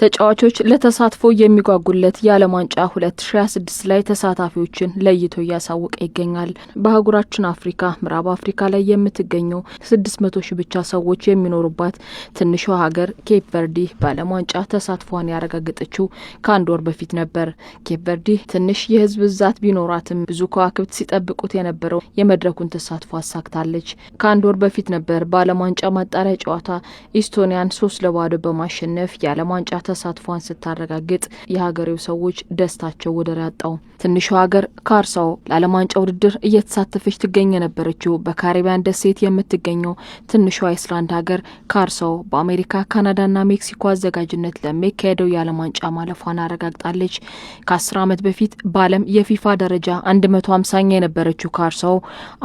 ተጫዋቾች ለተሳትፎ የሚጓጉለት የዓለም ዋንጫ 2026 ላይ ተሳታፊዎችን ለይቶ እያሳወቀ ይገኛል። በአህጉራችን አፍሪካ ምዕራብ አፍሪካ ላይ የምትገኘው 600 ሺህ ብቻ ሰዎች የሚኖሩባት ትንሿ ሀገር ኬፕ ቨርዲ በዓለም ዋንጫ ተሳትፏን ያረጋገጠችው ከአንድ ወር በፊት ነበር። ኬፕ ቨርዲ ትንሽ የህዝብ ብዛት ቢኖራትም ብዙ ከዋክብት ሲጠብቁት የነበረው የመድረኩን ተሳትፎ አሳክታለች። ከአንድ ወር በፊት ነበር በዓለም ዋንጫ ማጣሪያ ጨዋታ ኢስቶኒያን ሶስት ለባዶ በማሸነፍ የዓለም ዋንጫ ተሳትፏን ስታረጋግጥ የሀገሬው ሰዎች ደስታቸው ወደር ያጣው። ትንሿ ሀገር ካርሳው ለዓለም ዋንጫ ውድድር እየተሳተፈች ትገኝ የነበረችው በካሪቢያን ደሴት የምትገኘው ትንሿ አይስላንድ ሀገር ካርሳው በአሜሪካ ካናዳና ሜክሲኮ አዘጋጅነት ለሚካሄደው የዓለም ዋንጫ ማለፏን አረጋግጣለች። ከአስር ዓመት በፊት በዓለም የፊፋ ደረጃ አንድ መቶ ሃምሳኛ የነበረችው ካርሳው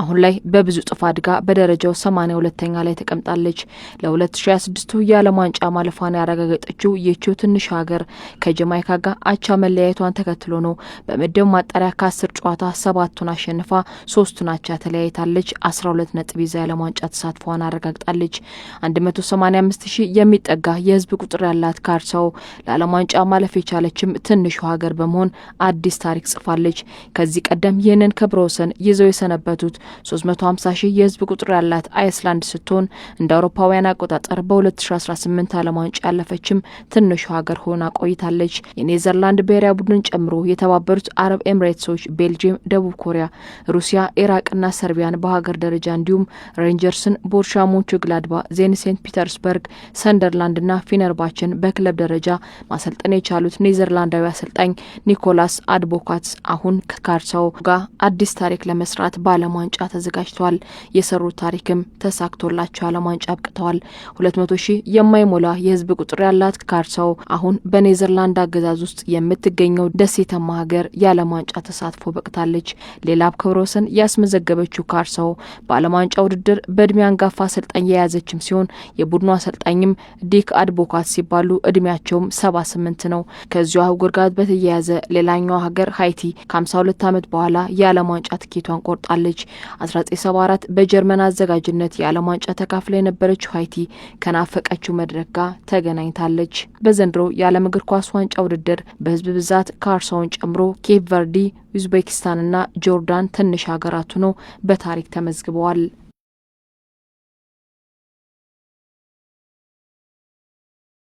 አሁን ላይ በብዙ ጥፍ አድጋ በደረጃው ሰማኒያ ሁለተኛ ላይ ተቀምጣለች። ለ2026ቱ የዓለም ዋንጫ ማለፏን ያረጋገጠችው ይች የሆነችው ትንሽ ሀገር ከጀማይካ ጋር አቻ መለያየቷን ተከትሎ ነው በምድብ ማጣሪያ ከአስር ጨዋታ ሰባቱን አሸንፋ ሶስቱን አቻ ተለያይታለች። አስራ ሁለት ነጥብ ይዛ የዓለም ዋንጫ ተሳትፏን አረጋግጣለች። አንድ መቶ ሰማኒያ አምስት ሺህ የሚጠጋ የህዝብ ቁጥር ያላት ካርሳው ለዓለም ዋንጫ ማለፍ የቻለችም ትንሹ ሀገር በመሆን አዲስ ታሪክ ጽፋለች። ከዚህ ቀደም ይህንን ክብረ ወሰን ይዘው የሰነበቱት 350 ሺህ የህዝብ ቁጥር ያላት አይስላንድ ስትሆን እንደ አውሮፓውያን አቆጣጠር በ2018 ዓለም ዋንጫ ያለፈችም ትንሿ መነሻ ሀገር ሆና ቆይታለች። የኔዘርላንድ ብሔራዊ ቡድን ጨምሮ የተባበሩት አረብ ኤምሬትሶች፣ ቤልጅየም፣ ደቡብ ኮሪያ፣ ሩሲያ፣ ኢራቅና ሰርቢያን በሀገር ደረጃ እንዲሁም ሬንጀርስን፣ ቦርሻ ግላድባ፣ ዜን ሴንት ፒተርስበርግ፣ ሰንደርላንድና ፊነርባችን በክለብ ደረጃ ማሰልጠን የቻሉት ኔዘርላንዳዊ አሰልጣኝ ኒኮላስ አድቦካትስ አሁን ከካርሳው ጋር አዲስ ታሪክ ለመስራት በዓለም ዋንጫ ተዘጋጅተዋል። የሰሩት ታሪክም ተሳክቶላቸው ዓለም ዋንጫ አብቅተዋል። ሁለት መቶ ሺህ የማይሞላ የህዝብ ቁጥር ያላት ካርሳ ደርሰው አሁን በኔዘርላንድ አገዛዝ ውስጥ የምትገኘው ደሴታማ ሀገር የዓለም ዋንጫ ተሳትፎ በቅታለች። ሌላ ክብረ ወሰን ያስመዘገበችው ካርሰው በዓለም ዋንጫ ውድድር በእድሜ አንጋፋ አሰልጣኝ የያዘችም ሲሆን የቡድኑ አሰልጣኝም ዲክ አድቮካት ሲባሉ እድሜያቸውም ሰባ ስምንት ነው። ከዚሁ አህጉር ጋር በተያያዘ ሌላኛዋ ሀገር ሀይቲ ከሀምሳ ሁለት ዓመት በኋላ የዓለም ዋንጫ ትኬቷን ቆርጣለች። አስራ ዘጠኝ ሰባ አራት በጀርመን አዘጋጅነት የዓለም ዋንጫ ተካፍላ የነበረችው ሀይቲ ከናፈቀችው መድረክ ጋር ተገናኝታለች። በዘንድሮ የዓለም እግር ኳስ ዋንጫ ውድድር በህዝብ ብዛት ካርሳውን ጨምሮ ኬፕ ቨርዲ፣ ኡዝቤኪስታንና ጆርዳን ትንሽ ሀገራቱ ነው በታሪክ ተመዝግበዋል።